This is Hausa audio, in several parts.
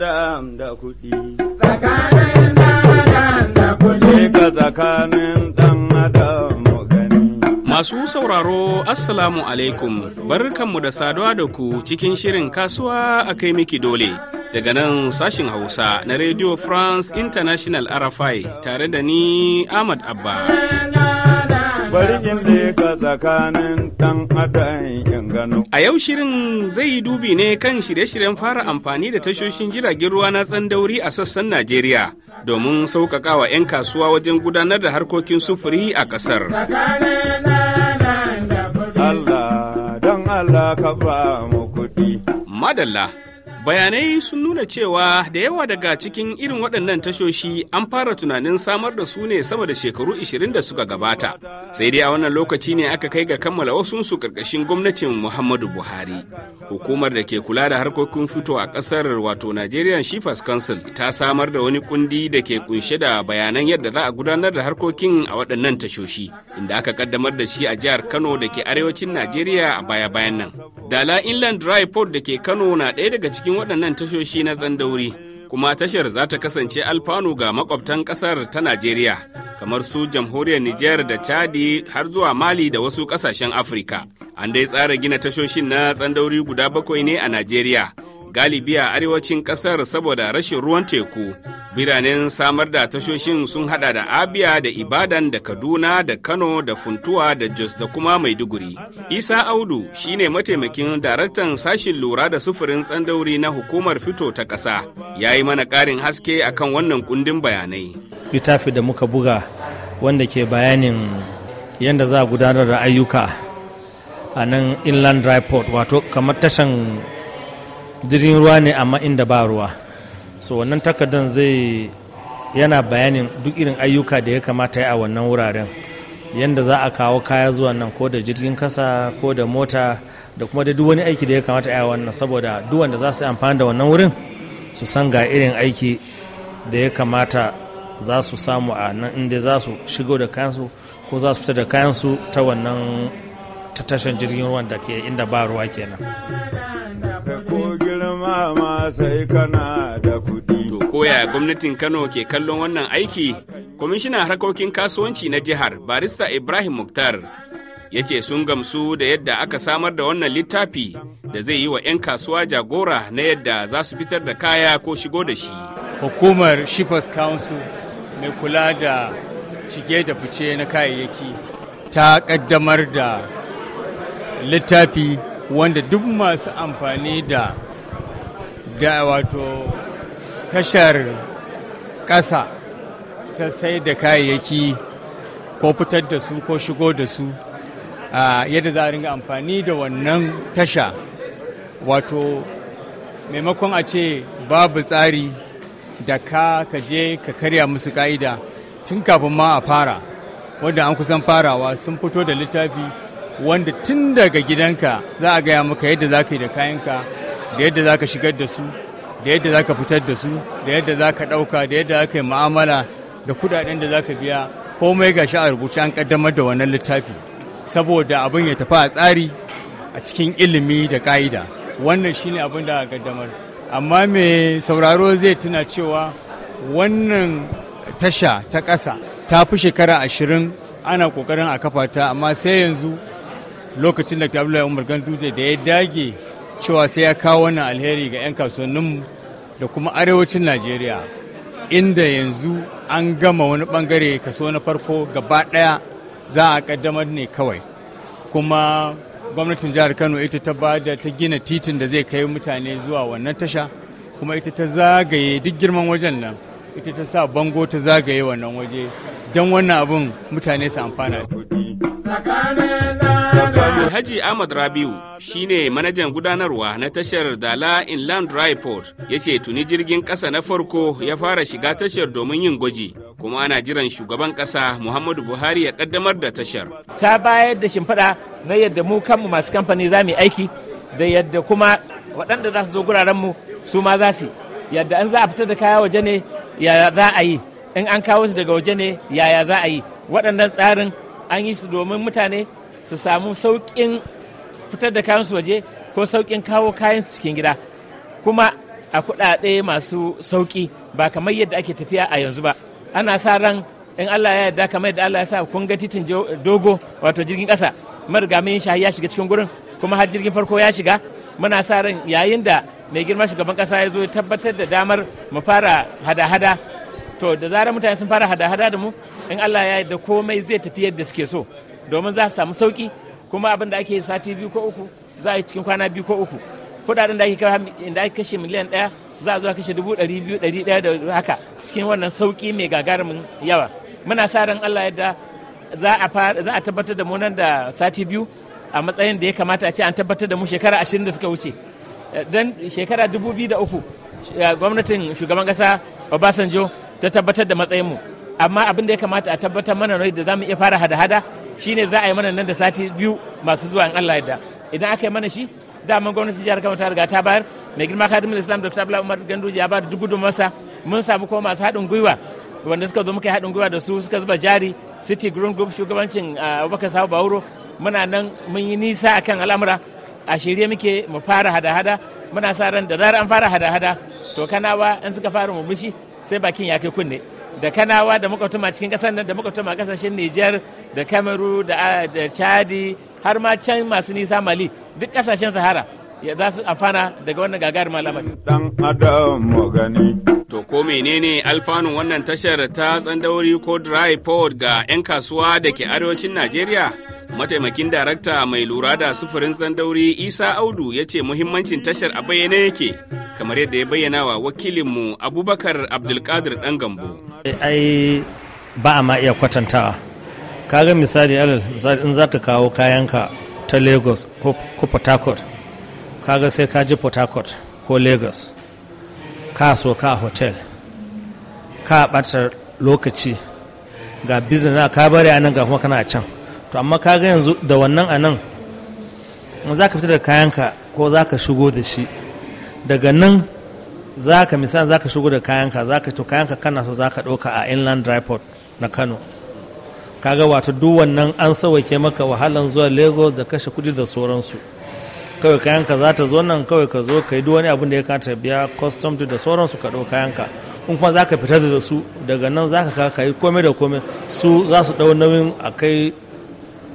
dam da kuɗi. Tsakanin dan da kuɗi. Masu sauraro Assalamu alaikum barkanmu da saduwa da ku cikin shirin kasuwa a kai miki dole. Daga nan sashin Hausa na Radio France International RFI tare da ni Ahmad Abba. tsakanin A yau shirin zai yi dubi ne kan shirye-shiryen fara amfani da tashoshin jiragen ruwa na tsandauri a sassan Najeriya domin sauƙaƙa wa 'yan kasuwa wajen gudanar da harkokin sufuri a ƙasar. Madalla. bayanai sun nuna cewa da yawa daga cikin irin waɗannan tashoshi an fara tunanin samar da su ne sama da shekaru 20 da suka gabata sai dai a wannan lokaci ne aka kai ga kammala wasu wasunsu karkashin gwamnatin muhammadu buhari hukumar da ke kula da harkokin fito a ƙasar wato nigerian shifas council ta samar da wani kundi da ke kunshe da bayanan yadda za a gudanar da harkokin a waɗannan tashoshi inda aka kaddamar da shi a jihar kano da ke arewacin najeriya a baya-bayan nan Dala Inland Dry da ke Kano na ɗaya daga cikin waɗannan tashoshi na tsandauri, kuma tashar za ta kasance alfanu ga makwabtan ƙasar ta Najeriya, kamar su jamhuriyar Nijar da Chadi har zuwa Mali da wasu ƙasashen Afirka. An dai tsara gina tashoshin na tsandauri guda bakwai ne a Najeriya. galibi a arewacin kasar saboda rashin ruwan teku biranen samar da tashoshin sun hada da abia da ibadan da kaduna da kano da funtuwa da jos da kuma maiduguri isa audu shine mataimakin daraktan sashin lura da sufurin tsandauri na hukumar fito ta ƙasa ya yi mana ƙarin haske akan wannan kundin bayanai littafi da muka buga wanda ke bayanin yadda za a gudanar da ayyuka a nan inland dry port wato kamar tashan jirgin ruwa ne amma inda ba ruwa so wannan takardar zai yana bayanin duk irin ayyuka da ya kamata yi a wannan wuraren yadda za a kawo kaya zuwa nan ko da jirgin kasa ko da mota da kuma da duk wani aiki da ya kamata yi a wannan saboda duk wanda za su yi amfani da wannan wurin su san ga irin aiki da ya kamata za su samu a nan inda za su shigo da kayansu ko za su fita da kayansu ta wannan ta tashan jirgin ruwan da ke inda ba ruwa kenan. To koya gwamnatin Kano ke kallon wannan aiki, kwamishinan harkokin kasuwanci na jihar barista Ibrahim Muktar ya ce sun gamsu da yadda aka samar da wannan littafi da zai yi wa 'yan kasuwa jagora na yadda za su fitar da kaya ko shigo da shi. Hukumar Shippers Council mai kula da shige da fice na kayayyaki ta kaddamar da littafi wanda duk masu amfani da da wato tashar ƙasa ta sai da kayayyaki ko fitar da su ko shigo da su yadda za a ringa amfani da wannan tasha wato maimakon a ce babu tsari da ka ka je ka karya musu ka'ida tun kafin ma a fara wadda an kusan farawa sun fito da littafi wanda tun daga gidanka za a gaya maka yadda za ka yi da kayanka da yadda za ka shigar da su da yadda za ka fitar da su da yadda za ka ɗauka da yadda za ka yi ma'amala da kuɗaɗen da za ka biya komai ga shi a rubuce an kaddamar da wannan littafi saboda abin ya tafi a tsari a cikin ilimi da ƙa'ida wannan shine abin da kaddamar amma me sauraro zai tuna cewa wannan tasha ta ƙasa ta fi shekara ashirin ana ƙoƙarin a kafa ta amma sai yanzu lokacin da Abdullahi Umar dutse da ya dage cewa sai ya kawo wannan alheri ga 'yan kasuwanninmu da kuma arewacin Najeriya inda yanzu an gama wani bangare kaso na farko gaba daya za a kaddamar ne kawai kuma gwamnatin jihar Kano ita ta ba da ta gina titin da zai kai mutane zuwa wannan tasha kuma ita ta zagaye duk girman wajen nan ita ta sa bango ta zagaye wannan waje don wannan abun mutane su amfana. Alhaji Ahmad Rabiu shi ne manajan gudanarwa na tashar Dala Inland Dry Port ya ce tuni jirgin ƙasa na farko ya fara shiga tashar domin yin gwaji kuma ana jiran shugaban ƙasa Muhammadu Buhari ya ƙaddamar da tashar. Ta bayar da shimfiɗa na yadda mu kanmu masu kamfani za mu aiki da yadda kuma waɗanda za su zo gurarenmu su ma za su yadda an za a fitar da kaya waje ne yaya za a yi in an kawo su daga waje ne yaya za a yi waɗannan tsarin an yi su domin mutane su samu sauƙin fitar da kayansu waje ko sauƙin kawo kayansu cikin gida kuma a kuɗaɗe masu sauƙi ba kamar yadda ake tafiya a yanzu ba ana sa ran in Allah ya yarda kamar yadda Allah ya sa kun ga titin dogo wato jirgin ƙasa marga mai shahi ya shiga cikin gurin kuma har jirgin farko ya shiga muna sa ran yayin da mai girma shugaban ƙasa ya zo ya tabbatar da damar mu fara hada-hada to da zarar mutane sun fara hada-hada da mu in Allah ya yarda komai zai tafi yadda suke so domin za su samu sauki kuma abin da ake yi sati biyu ko uku za a yi cikin kwana biyu ko uku kudaden da ake ake kashe miliyan ɗaya za a zo kashe dubu ɗari biyu ɗari ɗaya da haka cikin wannan sauki mai gagarumin yawa muna sa ran Allah yadda za a za a tabbatar da mu nan da sati biyu a matsayin da ya kamata a ce an tabbatar da mu shekara ashirin da suka wuce dan shekara dubu biyu da uku gwamnatin shugaban ƙasa Obasanjo ta tabbatar da matsayinmu amma abin da ya kamata a tabbatar mana da za mu iya fara hada-hada shine za a yi mana nan da sati biyu masu zuwa in Allah yadda idan aka yi mana shi daman gwamnatin jihar Kano ta riga ta bayar mai girma kadimul Islam Dr. Abdullahi Umar ganduji ya ba da dubu masa mun samu kuma masu haɗin gwiwa wanda suka zo muka haɗin gwiwa da su suka zuba jari City Green Group shugabancin ah, Abubakar Sahu Bauro muna nan mun yi nisa akan al'amura a shirye muke mu fara hada-hada muna sa ran da zarar an fara hada-hada to kanawa in suka fara mu bishi. sai bakin ya kai kunne da kanawa da makwatuma cikin kasar nan da makwatuma kasashen Nijar da kameru da Chadi har ma can masu nisa Mali duk kasashen Sahara ya za su amfana daga wannan gagarin malamai. Dan Adam gani. To ko menene alfanun wannan tashar ta tsandauri ko dry port ga 'yan kasuwa da ke arewacin Najeriya? mataimakin darakta mai lura da sufurin zandauri isa audu ya ce muhimmancin tashar a bayyane yake kamar yadda ya bayyana wa wakilinmu abubakar abdulkadir dan gambo ai ba a ma iya kwatantawa kaga misali alal in za ka kawo kayanka ta lagos ko port harcourt kaga sai ka ji port harcourt ko lagos ka so ka hotel ka ɓatar lokaci ga bizina ka bari a nan ga kuma kana can to amma ka ga yanzu da wannan a nan za ka fita da kayanka ko za ka shigo da shi daga nan za ka misali za ka shigo da kayanka za ka to kayanka kana so za ka ɗauka a inland dryport na kano kaga wato duk wannan an sauwake maka wahalan zuwa lagos da kashe kudi da sauransu kawai kayanka za ta zo nan kawai ka zo ka yi duk wani abin da ya kata biya custom da sauransu ka ɗau kayanka in kuma za ka fitar da su daga nan za ka ka yi komai da komai su za su ɗau nauyin a kai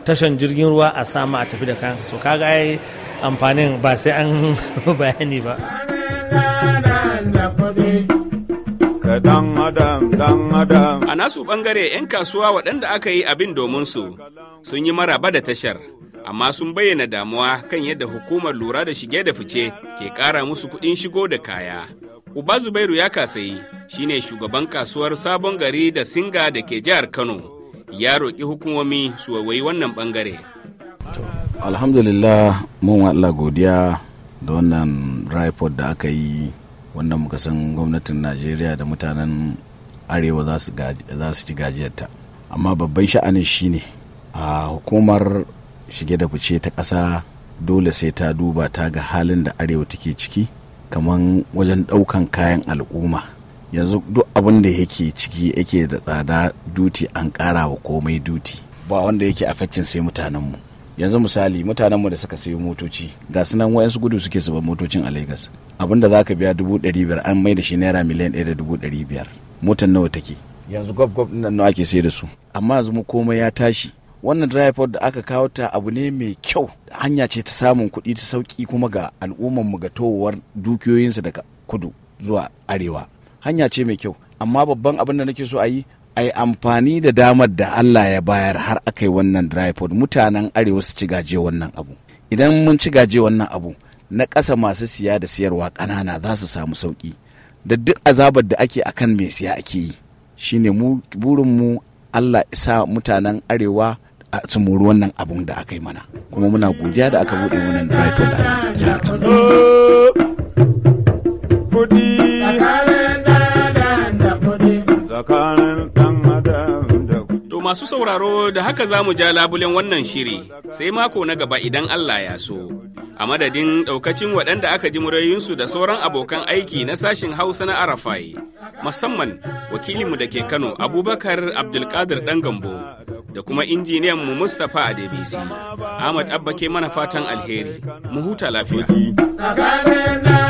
tashan jirgin ruwa a sama a tafi da kayan so kaga ai amfanin ba sai an bayani ba a nasu bangare 'yan kasuwa waɗanda aka yi abin domin su sun yi maraba da tashar amma sun bayyana damuwa kan yadda hukumar lura da shige da fice ke kara musu kuɗin shigo da kaya. Uba Zubairu ya kasayi shine shugaban kasuwar sabon gari da singa da ke jihar Kano ya roƙi hukumomi su wawayi wannan bangare. alhamdulillah mun Allah godiya da wannan report da aka yi wannan muka san gwamnatin najeriya da mutanen arewa za su ci gajiyarta amma babban sha'anin shine a hukumar shige da fice ta ƙasa dole sai ta duba ta ga halin da arewa take ciki kamar wajen ɗaukan kayan al'umma yanzu duk abin da yake ciki yake da tsada duti an kara wa komai duti ba wanda yake affecting sai mutanen mu yanzu misali mutanen mu da suka sayo motoci ga sunan wayansu gudu suke zuba motocin a lagos abin da za biya dubu ɗari biyar an mai da shi naira miliyan ɗaya da dubu ɗari biyar motan nawa take yanzu gwab gwab nan nawa ake sai da su amma yanzu komai ya tashi wannan driver da aka kawo ta abu ne mai kyau hanya ce ta samun kuɗi ta sauki kuma ga mu ga towar dukiyoyinsu daga kudu zuwa arewa hanya ce mai kyau amma babban abin da nake so a yi a yi amfani da damar da Allah ya bayar har aka yi wannan tripod mutanen arewa su ci gaje wannan abu idan mun ci gaje wannan abu na ƙasa masu siya da siyarwa ƙanana za su samu sauƙi da duk azabar da ake akan mai siya ake yi shine mu mu Allah isa mutanen arewa a tsumuru wannan abun da aka yi mana kuma muna godiya da aka buɗe wannan tripod a jihar Kano. Masu sauraro da haka za mu ja labulen wannan shiri sai mako na gaba idan Allah ya so. A madadin ɗaukacin waɗanda aka ji murayinsu da sauran abokan aiki na sashin Hausa na Arafai, musamman wakilinmu da ke Kano Abubakar Abdulkadir ɗan gambo da kuma injiniyanmu Mustapha Adebisi. Ahmad Abba ke mana fatan alheri, mu huta lafiya.